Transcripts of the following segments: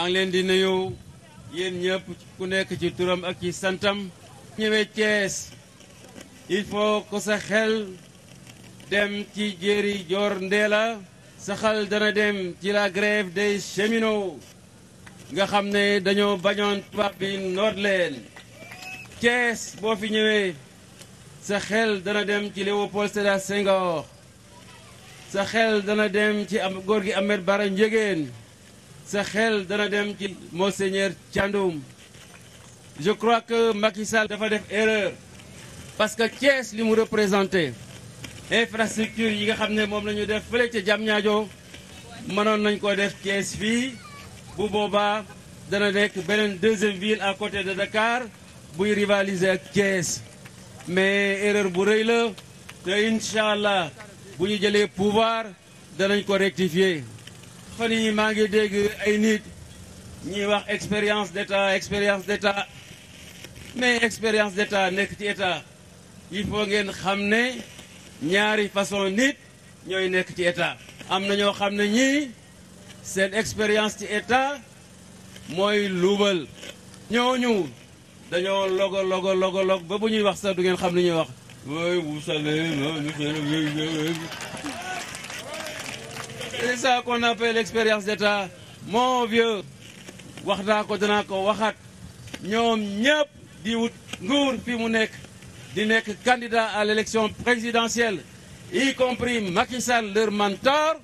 maa leen di nuyu yéen ñëpp ku nekk ci turam ak ci santam ñëwee Thiès il faut que sa xel dem ci jéeri joor ndeela sa xel dana dem ci la grève de cheminots nga xam ne dañoo bañoon tubaab bi noot leen Thiès boo fi ñëwee sa xel dana dem ci Léopold Sédar Senghor sa xel dana dem ci am góor gi Ahmed Bara Ndiéguène sa xel dana dem ci monseigneur Thiandoum je crois que Macky Sall dafa def erreur parce que Thiès li mu représenté infrastructure yi nga xam ne moom la ñu def fële ca Diamniadio mënoon nañ ko def Thiès fii bu booba dana nekk beneen deuxième ville à côté de Dakar buy rivaliser ak Thiès mais erreur bu rëy la te incha allah bu ñu jëlee pouvoir danañ ko rectifier fan yi maa ngi dégg ay nit ñuy wax expérience d'état expérience d'état mais expérience d'état nekk ci état il faut ngeen xam ne ñaari façon nit ñooy nekk ci état am na ñoo xam ne ñii seen expérience ci état mooy luubal ñooñu dañoo logo logo logo log ba bu ñuy wax sax du ngeen xam li ñuy wax c'est ça qu'on appelle l'expérience d'État moo vieux wax naa ko danaa ko waxaat ñoom ñëpp di wut nguur fi mu nekk di nekk candidat à l'élection présidentielle y compris Macky Sall leur mentor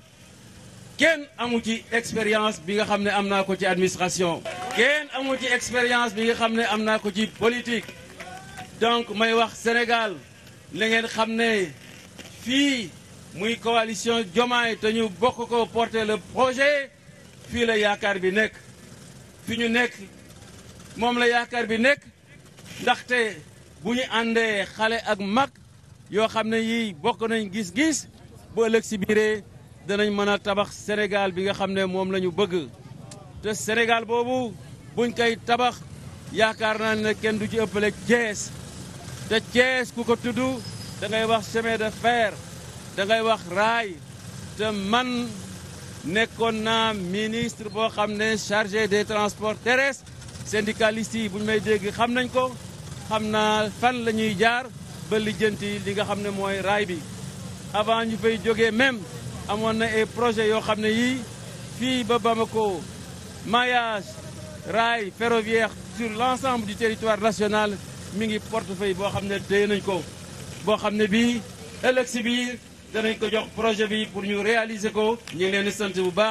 kenn amu ci expérience bi nga xam ne am naa ko ci administration kenn amu ci expérience bi nga xam ne am naa ko ci politique donc may wax Sénégal la ngeen xam ne fii muy coalition Diomaye te ñu bokk ko porter le projet fii la yaakaar bi nekk fi ñu nekk moom la yaakaar bi nekk ndaxte bu ñu àndee xale ak mag yoo xam ne yii bokk nañ gis-gis bu ëllëg si biiree danañ mën a tabax Sénégal bi nga xam ne moom la ñu bëgg te Sénégal boobu buñ koy tabax yaakaar naa ne kenn du ci ëppale Thiès te Thiès ku ko tudd dangay wax chemin de fer da ngay wax raay te man nekkoon naa ministre boo xam ne chargé des transports terrestres syndicalistes yi bu ñu may dégg xam nañ ko xam naa fan la ñuy jaar ba lijjanti li nga xam ne mooy raay bi avant ñu fay jóge même amoon na ay projet yoo xam ne yii fii ba Bamako maillage rail ferroviaire sur l'ensemble du territoire national mi ngi portefeuille boo xam ne téye nañ ko boo xam ne bii ëllëg si danañ ko jox projet bi pour ñu réaliser ko ñu ngi leen di sant bu baax.